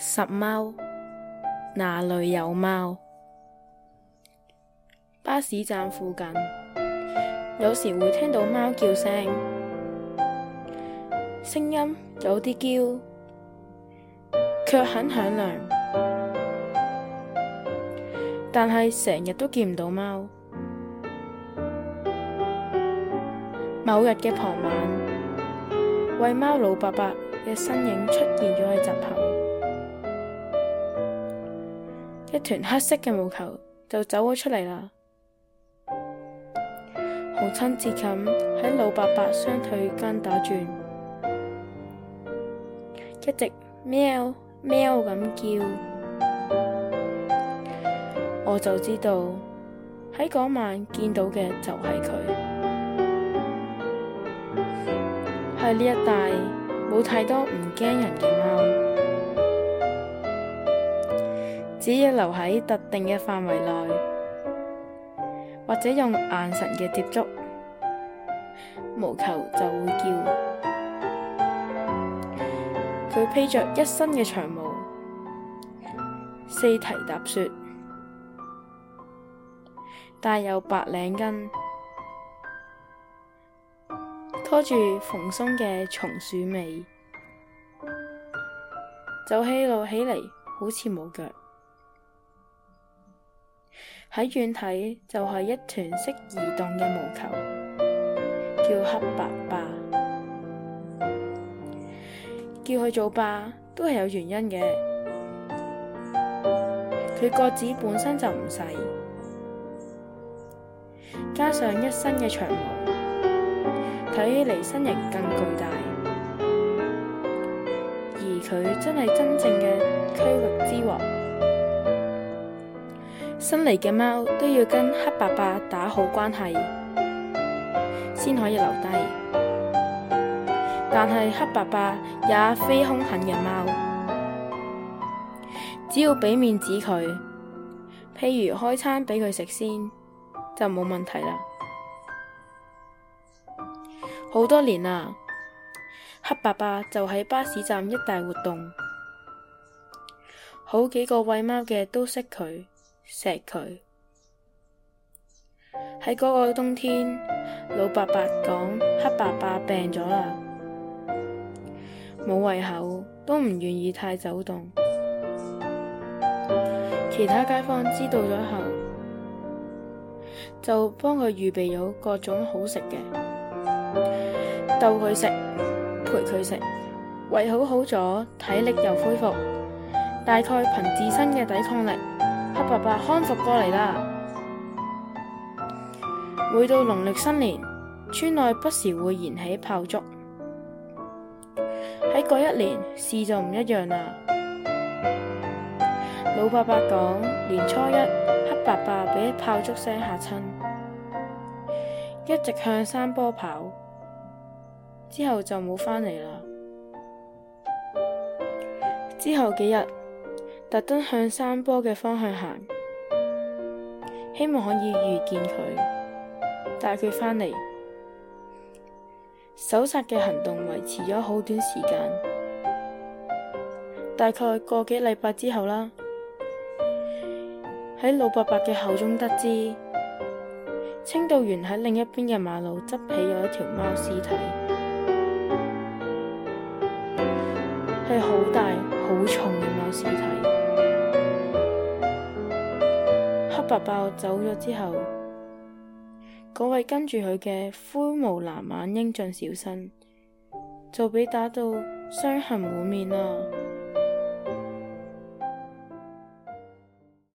拾貓？那裏有貓？巴士站附近有時會聽到貓叫聲，聲音有啲嬌，卻很響亮。但係成日都見唔到貓。某日嘅傍晚，喂貓老伯伯嘅身影出現咗喺集合。一團黑色嘅毛球就走咗出嚟啦，好親切咁喺老伯伯雙腿間打轉，一直喵喵咁叫，我就知道喺嗰晚見到嘅就係佢，喺呢一帶冇太多唔驚人嘅貓。只要留喺特定嘅範圍內，或者用眼神嘅接觸，毛球就會叫。佢披着一身嘅長毛，四蹄踏雪，帶有白領巾，拖住蓬鬆嘅松鼠尾，走起路起嚟好似冇腳。喺遠睇就係、是、一團式移動嘅毛球，叫黑白霸，叫佢做霸都係有原因嘅。佢個子本身就唔細，加上一身嘅長毛，睇起嚟身形更巨大，而佢真係真正嘅區域。新嚟嘅貓都要跟黑爸爸打好關係，先可以留低。但係黑爸爸也非兇狠嘅貓，只要畀面子佢，譬如開餐畀佢食先，就冇問題啦。好多年啦，黑爸爸就喺巴士站一帶活動，好幾個餵貓嘅都識佢。錫佢。喺嗰個冬天，老伯伯講黑伯伯病咗啦，冇胃口，都唔願意太走動。其他街坊知道咗後，就幫佢預備咗各種好食嘅，逗佢食，陪佢食，胃口好好咗，體力又恢復，大概憑自身嘅抵抗力。老伯伯康復過嚟啦。每到農曆新年，村內不時會燃起炮竹。喺嗰一年事就唔一樣啦。老伯伯講，年初一，黑伯伯俾炮竹聲嚇親，一直向山坡跑，之後就冇返嚟啦。之後幾日。特登向山坡嘅方向行，希望可以遇見佢，帶佢返嚟。搜索嘅行動維持咗好短時間，大概個幾禮拜之後啦，喺老伯伯嘅口中得知，清道員喺另一邊嘅馬路執起有一條貓屍體，係好大好重嘅貓屍體。白豹走咗之後，嗰位跟住佢嘅灰毛藍眼英俊小生就被打到傷痕滿面啦。